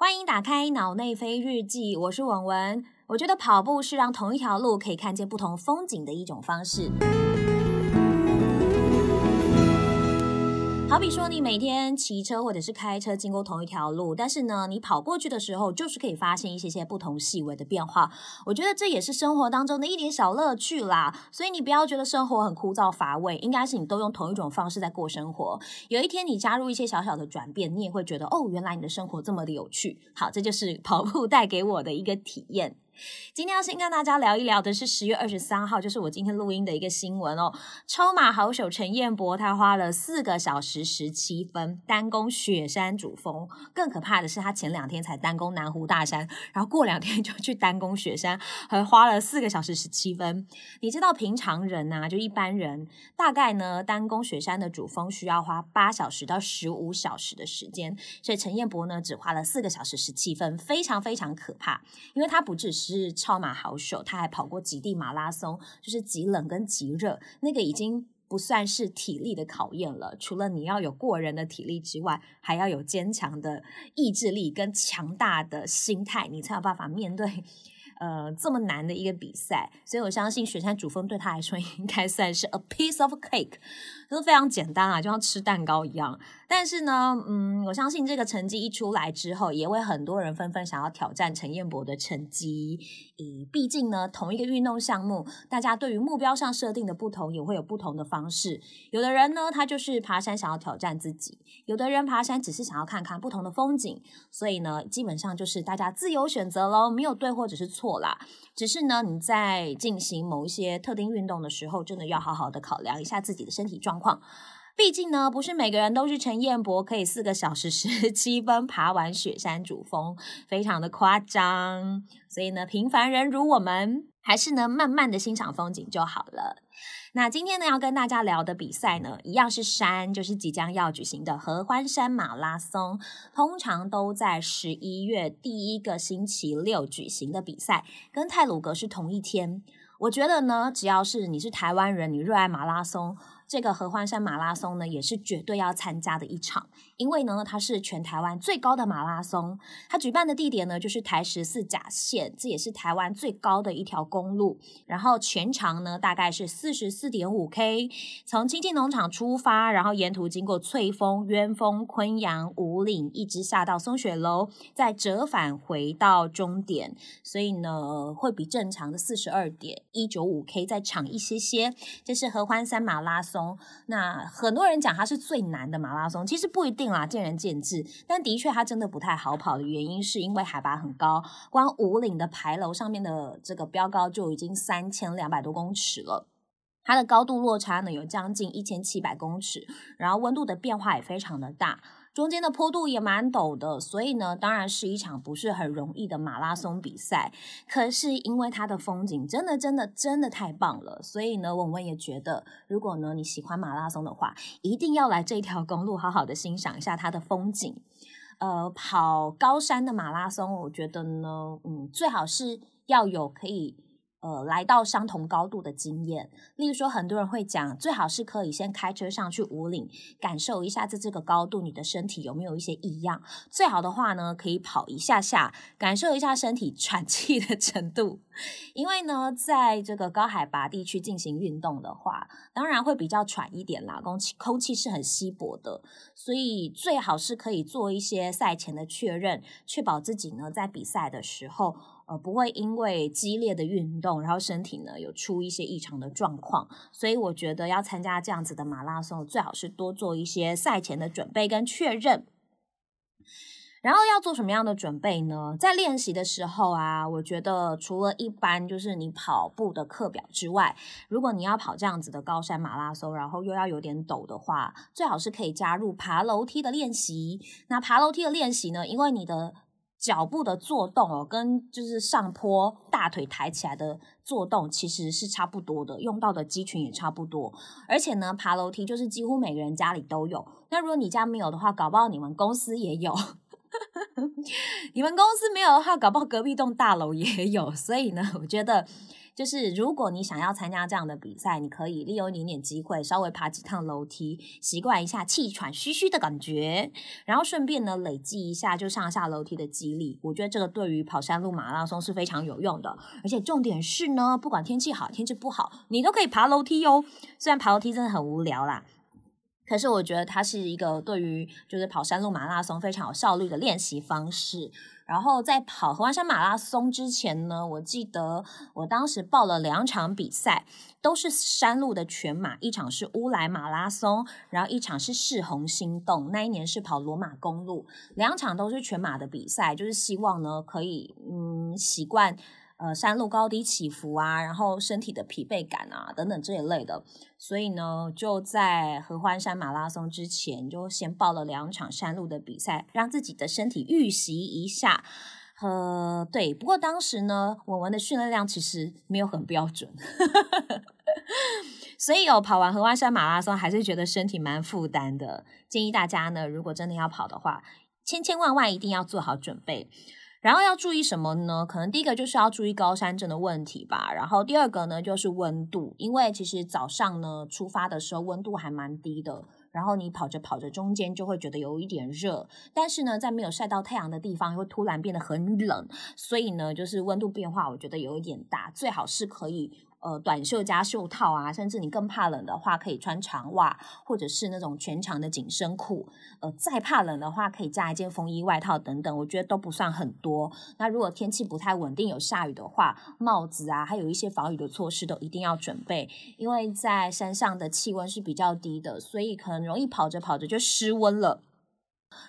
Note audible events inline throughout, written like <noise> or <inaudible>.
歡迎打開《腦內啡日記》，我是文文。我覺得跑步是讓同一條路可以看見不同風景的一種方式。比如說，你每天騎車或者是開車經過同一條路，但是呢，你跑過去的時候，就是可以發現一些些不同細微的變化。我覺得這也是生活當中的一點小樂趣啦。所以你不要覺得生活很枯燥乏味，應該是你都用同一種方式在過生活。有一天你加入一些小小的轉變，你也會覺得哦，原來你的生活這麼的有趣。好，這就是跑步帶給我的一個體驗。今天要先跟大家聊一聊的是十月二十三號，就是我今天錄音的一個新聞哦。超馬好手陳彥博，他花了四個小時十七分單攻雪山主峰。更可怕的是，他前兩天才單攻南湖大山，然後過兩天就去單攻雪山，還花了四個小時十七分。你知道平常人吶、啊，就一般人，大概呢單攻雪山的主峰需要花八小時到十五小時的時間，所以陳彥博呢只花了四個小時十七分，非常非常可怕，因為他不只是。是超馬好手，他還跑過極地馬拉松，就是極冷跟極熱，那個已經不算是體力的考驗了。除了你要有過人的體力之外，還要有堅強的意志力跟強大的心態，你才有辦法面對。呃，這麼難的一個比賽，所以我相信雪山主峰對他來說應該算是 a piece of cake，就是非常簡單啊，就像吃蛋糕一樣。但是呢，嗯，我相信這個成績一出來之後，也會很多人紛紛想要挑戰陳彥博的成績。呃，畢竟呢，同一個運動項目，大家對於目標上設定的不同，也會有不同的方式。有的人呢，他就是爬山想要挑戰自己；有的人爬山只是想要看看不同的風景。所以呢，基本上就是大家自由選擇嘍，沒有對或者是錯。只是呢，你在進行某一些特定運動的時候，真的要好好的考量一下自己的身體狀況。畢竟呢，不是每個人都是陳彥博，可以四個小時十七分爬完雪山主峰，非常的誇張。所以呢，平凡人如我們，還是呢，慢慢的欣賞風景就好了。那今天呢，要跟大家聊的比賽呢，一樣是山，就是即將要舉行的合歡山馬拉松。通常都在十一月第一個星期六舉行的比賽，跟太魯閣是同一天。我覺得呢，只要是你是台灣人，你熱愛馬拉松。這個合歡山馬拉松呢，也是絕對要參加的一場，因為呢，它是全台灣最高的馬拉松。它舉辦的地點呢，就是台十四甲線，這也是台灣最高的一條公路。然後全長呢，大概是四十四點五 K，從清境農場出發，然後沿途經過翠峰、鳶峰、昆陽、武嶺，一直下到松雪樓，再折返回到終點。所以呢，會比正常的四十二點一九五 K 再長一些些。這是合歡山馬拉松。那很多人講它是最難的馬拉松，其實不一定啦、啊，見仁見智。但的確，它真的不太好跑的原因，是因為海拔很高，光武嶺的牌樓上面的這個標高就已經三千兩百多公尺了，它的高度落差呢，有將近一千七百公尺，然後溫度的變化也非常的大。中間的坡度也蠻陡的，所以呢，當然是一場不是很容易的馬拉松比賽。可是因為它的風景真的真的真的太棒了，所以呢，我們也覺得，如果呢你喜歡馬拉松的話，一定要來這條公路好好的欣賞一下它的風景。呃，跑高山的馬拉松，我覺得呢，嗯，最好是要有可以。呃，來到相同高度的經驗，例如說，很多人會講，最好是可以先開車上去武嶺，感受一下在這個高度你的身體有沒有一些異樣。最好的話呢，可以跑一下下，感受一下身體喘氣的程度。因為呢，在這個高海拔地區進行運動的話，當然會比較喘一點啦，空氣空氣是很稀薄的，所以最好是可以做一些賽前的確認，確保自己呢在比賽的時候。呃，不會因為激烈的運動，然後身體呢有出一些異常的狀況，所以我覺得要參加這樣子的馬拉松，最好是多做一些賽前的準備跟確認。然後要做什麼樣的準備呢？在練習的時候啊，我覺得除了一般就是你跑步的課表之外，如果你要跑這樣子的高山馬拉松，然後又要有點陡的話，最好是可以加入爬樓梯的練習。那爬樓梯的練習呢，因為你的。腳步的作動哦，跟就是上坡大腿抬起來的作動其實是差不多的，用到的肌群也差不多。而且呢，爬樓梯就是幾乎每個人家裡都有。那如果你家沒有的話，搞不好你們公司也有。 <laughs> 你們公司沒有的話，搞不好隔壁棟大樓也有。所以呢，我覺得就是如果你想要參加這樣的比賽，你可以利用你一點點機會，稍微爬幾趟樓梯，習慣一下氣喘吁吁的感覺，然後順便呢累積一下就上下樓梯的肌力。我覺得這個對於跑山路馬拉松是非常有用的。而且重點是呢，不管天氣好天氣不好，你都可以爬樓梯哦。雖然爬樓梯真的很無聊啦。可是我覺得它是一個對於就是跑山路馬拉松，非常有效率的練習方式。然後在跑合歡山馬拉松之前呢，我記得我當時報了兩場比賽，都是山路的全馬，一場是烏來馬拉松，然後一場是世紅心動。那一年是跑羅馬公路，兩場都是全馬的比賽，就是希望呢可以嗯習慣。呃，山路高低起伏啊，然後身體的疲憊感啊，等等這一類的，所以呢，就在合歡山馬拉松之前，就先報了兩場山路的比賽，讓自己的身體預習一下。呃，對，不過當時呢，文文的訓練量其實沒有很標準， <laughs> 所以有、哦、跑完合歡山馬拉松還是覺得身體蠻負擔的。建議大家呢，如果真的要跑的話，千千萬萬一定要做好準備。然後要注意什麼呢？可能第一個就是要注意高山症的問題吧。然後第二個呢，就是溫度，因為其實早上呢，出發的時候溫度還蠻低的，然後你跑着跑着中間就會覺得有一點熱，但是呢，在沒有曬到太陽的地方又突然變得很冷，所以呢，就是溫度變化我覺得有一點大，最好是可以。呃，短袖加袖套啊，甚至你更怕冷的話，可以穿長襪或者是那種全長的緊身褲。呃，再怕冷的話，可以加一件風衣外套等等，我覺得都不算很多。那如果天氣不太穩定，有下雨的話，帽子啊，還有一些防雨的措施都一定要準備，因為在山上的氣溫是比較低的，所以可能容易跑着跑着就失溫了。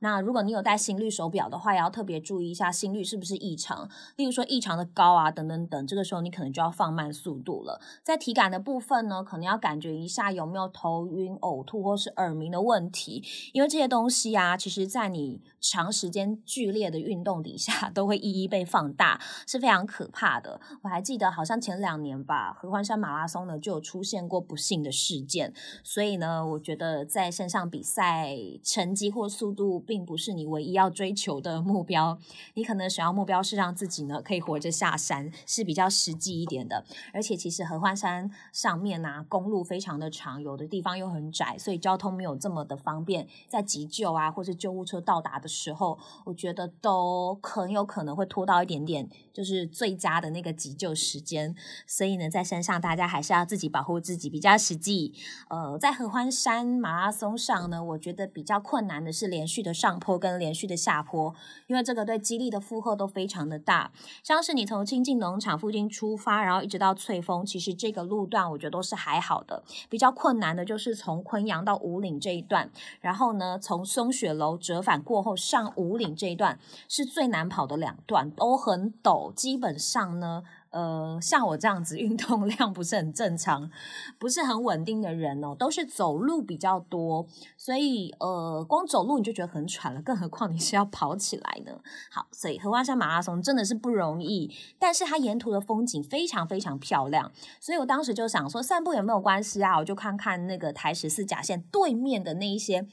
那如果你有戴心率手錶的話，也要特別注意一下心率是不是異常，例如說異常的高啊，等等等，這個時候你可能就要放慢速度了。在體感的部分呢，可能要感覺一下有沒有頭暈、嘔吐或是耳鳴的問題，因為這些東西啊，其實在你長時間劇烈的運動底下都會一一被放大，是非常可怕的。我還記得好像前兩年吧，合歡山馬拉松呢就有出現過不幸的事件，所以呢，我覺得在線上比賽成績或速度。路並不是你唯一要追求的目標，你可能想要目標是讓自己呢可以活着下山是比較實際一點的。而且其實合歡山上面呢，公路非常的長，有的地方又很窄，所以交通沒有這麼的方便。在急救啊或是救護車到達的時候，我覺得都很有可能會拖到一點點，就是最佳的那個急救時間。所以呢，在山上大家還是要自己保護自己比較實際。呃，在合歡山馬拉松上呢，我覺得比較困難的是連。續的上坡跟連續的下坡，因為這個對肌力的負荷都非常的大。像是你從清境農場附近出發，然後一直到翠峰，其實這個路段我覺得都是還好的。比較困難的就是從昆陽到武嶺這一段，然後呢，從松雪樓折返過後上武嶺這一段是最難跑的兩段，都很陡，基本上呢。呃，像我這樣子運動量不是很正常，不是很穩定的人哦，都是走路比較多，所以呃，光走路你就覺得很喘了，更何況你是要跑起來呢。好，所以合歡山馬拉松真的是不容易，但是它沿途的風景非常非常漂亮，所以我當時就想說，散步也沒有關係啊，我就看看那個台十四甲線對面的那一些。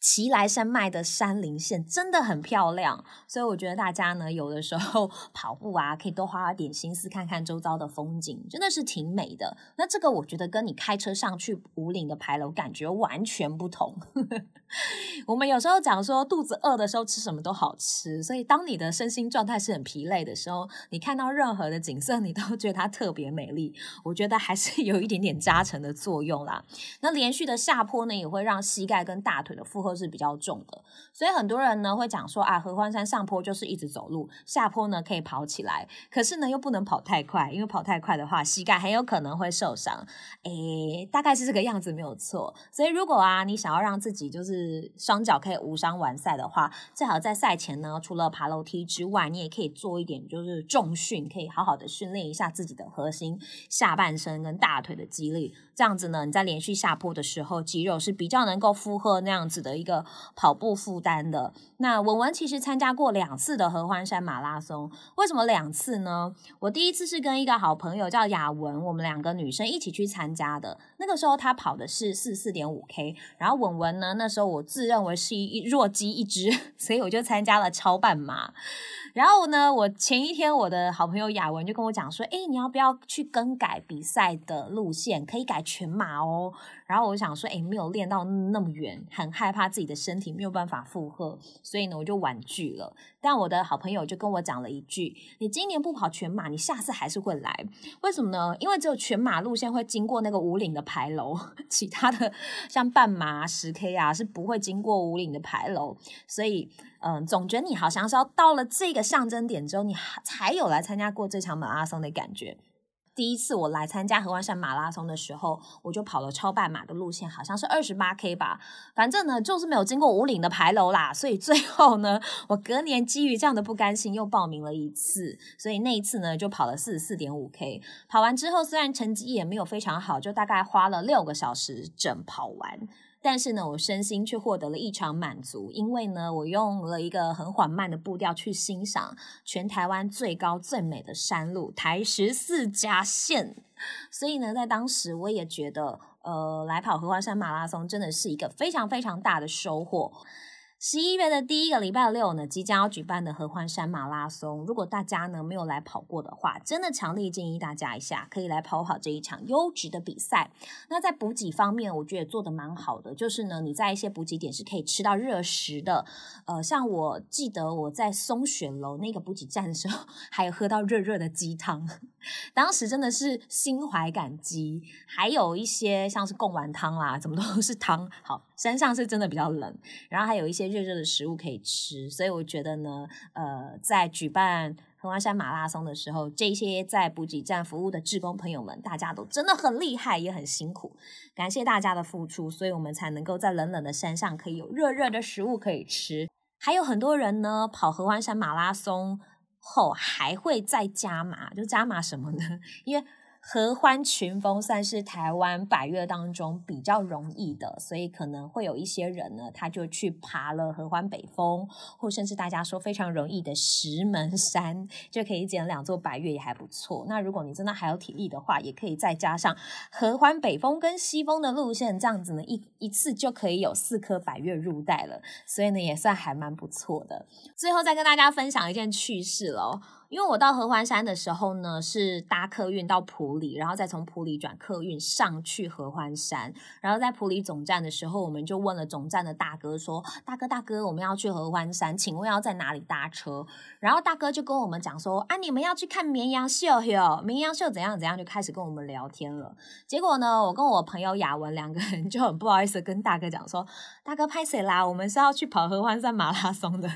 奇萊山脈的山林線真的很漂亮，所以我覺得大家呢，有的時候跑步啊，可以多花點心思看看周遭的風景，真的是挺美的。那這個我覺得跟你開車上去武嶺的牌樓我感覺完全不同。 <laughs> 我們有時候講說，肚子餓的時候吃什麼都好吃，所以當你的身心狀態是很疲累的時候，你看到任何的景色，你都覺得它特別美麗。我覺得還是有一點點加成的作用啦。那連續的下坡呢，也會讓膝蓋跟大腿。負荷是比較重的，所以很多人呢會講說啊，合歡山上坡就是一直走路，下坡呢可以跑起來，可是呢又不能跑太快，因為跑太快的話，膝蓋很有可能會受傷，誒、欸，大概是這個樣子沒有錯。所以如果啊你想要讓自己就是雙腳可以無傷完賽的話，最好在賽前呢，除了爬樓梯之外，你也可以做一點就是重訓，可以好好的訓練一下自己的核心、下半身跟大腿的肌力。這樣子呢，你在連續下坡的時候，肌肉是比較能夠負荷那樣子的一個跑步負擔的。那文文其實參加過兩次的合歡山馬拉松，為什麼兩次呢？我第一次是跟一個好朋友叫雅文，我們兩個女生一起去參加的。那個時候她跑的是四四點五 K，然後文文呢，那時候我自認為是一弱雞一隻，所以我就參加了超半馬。然後呢，我前一天我的好朋友雅文就跟我講說：“欸，你要不要去更改比賽的路線？可以改。”全馬哦，然後我想說，哎，沒有練到那麼遠，很害怕自己的身體沒有辦法負荷，所以呢，我就婉拒了。但我的好朋友就跟我講了一句：“你今年不跑全馬，你下次還是會來。為什麼呢？因為只有全馬路線會經過那個武嶺的牌樓，其他的像半馬、十 K 啊，是不會經過武嶺的牌樓。所以，嗯，總覺得你好像是要到了這個象徵點之後，你才有來參加過這場馬拉松的感覺。”第一次我來參加合歡山馬拉松的時候，我就跑了超半馬的路線，好像是二十八 K 吧。反正呢，就是沒有經過武嶺的牌樓啦。所以最後呢，我隔年基於這樣的不甘心，又報名了一次。所以那一次呢，就跑了四十四點五 K。跑完之後，雖然成績也沒有非常好，就大概花了六個小時整跑完。但是呢，我身心卻獲得了異常滿足，因為呢，我用了一個很緩慢的步調去欣賞全台灣最高最美的山路台十四甲線，所以呢，在當時我也覺得，呃，來跑合歡山馬拉松真的是一個非常非常大的收穫。十一月的第一個禮拜六呢，即將要舉辦的合歡山馬拉松，如果大家呢，沒有來跑過的話，真的強烈建議大家一下可以來跑跑這一場優質的比賽。那在補給方面，我覺得做的蠻好的，就是呢，你在一些補給點是可以吃到熱食的，呃，像我記得我在松雪樓那個補給站的時候，還有喝到熱熱的雞湯，當時真的是心懷感激。還有一些像是貢丸湯啦，怎麼都是湯，好。山上是真的比較冷，然後還有一些熱熱的食物可以吃，所以我覺得呢，呃，在舉辦合歡山馬拉松的時候，這些在補給站服務的志工朋友們，大家都真的很厲害，也很辛苦，感謝大家的付出，所以我們才能夠在冷冷的山上可以有熱熱的食物可以吃。還有很多人呢，跑合歡山馬拉松後還會再加碼，就加碼什麼呢？因為合歡群峰算是台灣百岳當中比較容易的，所以可能會有一些人呢，他就去爬了合歡北峰，或甚至大家說非常容易的石門山，就可以撿兩座百岳也還不錯。那如果你真的還有體力的話，也可以再加上合歡北峰跟西峰的路線，這樣子呢一一次就可以有四顆百岳入袋了，所以呢也算還蠻不錯的。最後再跟大家分享一件趣事嘍。因為我到合歡山的時候呢，是搭客運到埔里，然後再從埔里轉客運上去合歡山。然後在埔里總站的時候，我們就問了總站的大哥說：“大哥，大哥，我們要去合歡山，請問要在哪裡搭車？”然後大哥就跟我們講說：“啊，你們要去看綿羊秀喲，喲綿羊秀怎樣怎樣。”就開始跟我們聊天了。結果呢，我跟我朋友雅文兩個人就很不好意思跟大哥講說：“大哥歹勢啦！我們是要去跑合歡山馬拉松的。”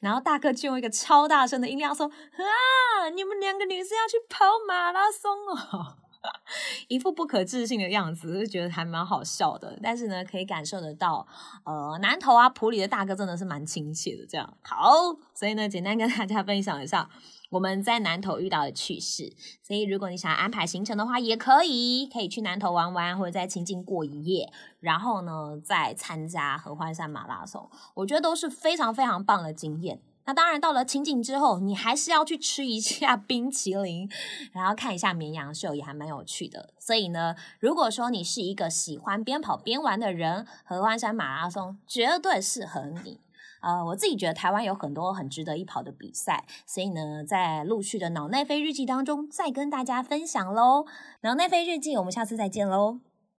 然後大哥就用一個超大聲的音量說：“啊，你們兩個女生要去跑馬拉松哦！” <laughs> 一副不可置信的樣子，就覺得還蠻好笑的。但是呢，可以感受得到，呃，南投啊埔里的大哥真的是蠻親切的這樣。好，所以呢，簡單跟大家分享一下。我們在南投遇到的趣事，所以如果你想安排行程的話，也可以，可以去南投玩玩，或者在清境過一夜，然後呢再參加合歡山馬拉松，我覺得都是非常非常棒的經驗。那當然，到了清境之後，你還是要去吃一下冰淇淋，然後看一下綿羊秀，也還蠻有趣的。所以呢，如果說你是一個喜歡邊跑邊玩的人，合歡山馬拉松絕對適合你。呃，我自己覺得台灣有很多很值得一跑的比賽，所以呢，在陸續的腦內啡日記當中，再跟大家分享嘍。腦內啡日記，我們下次再見嘍。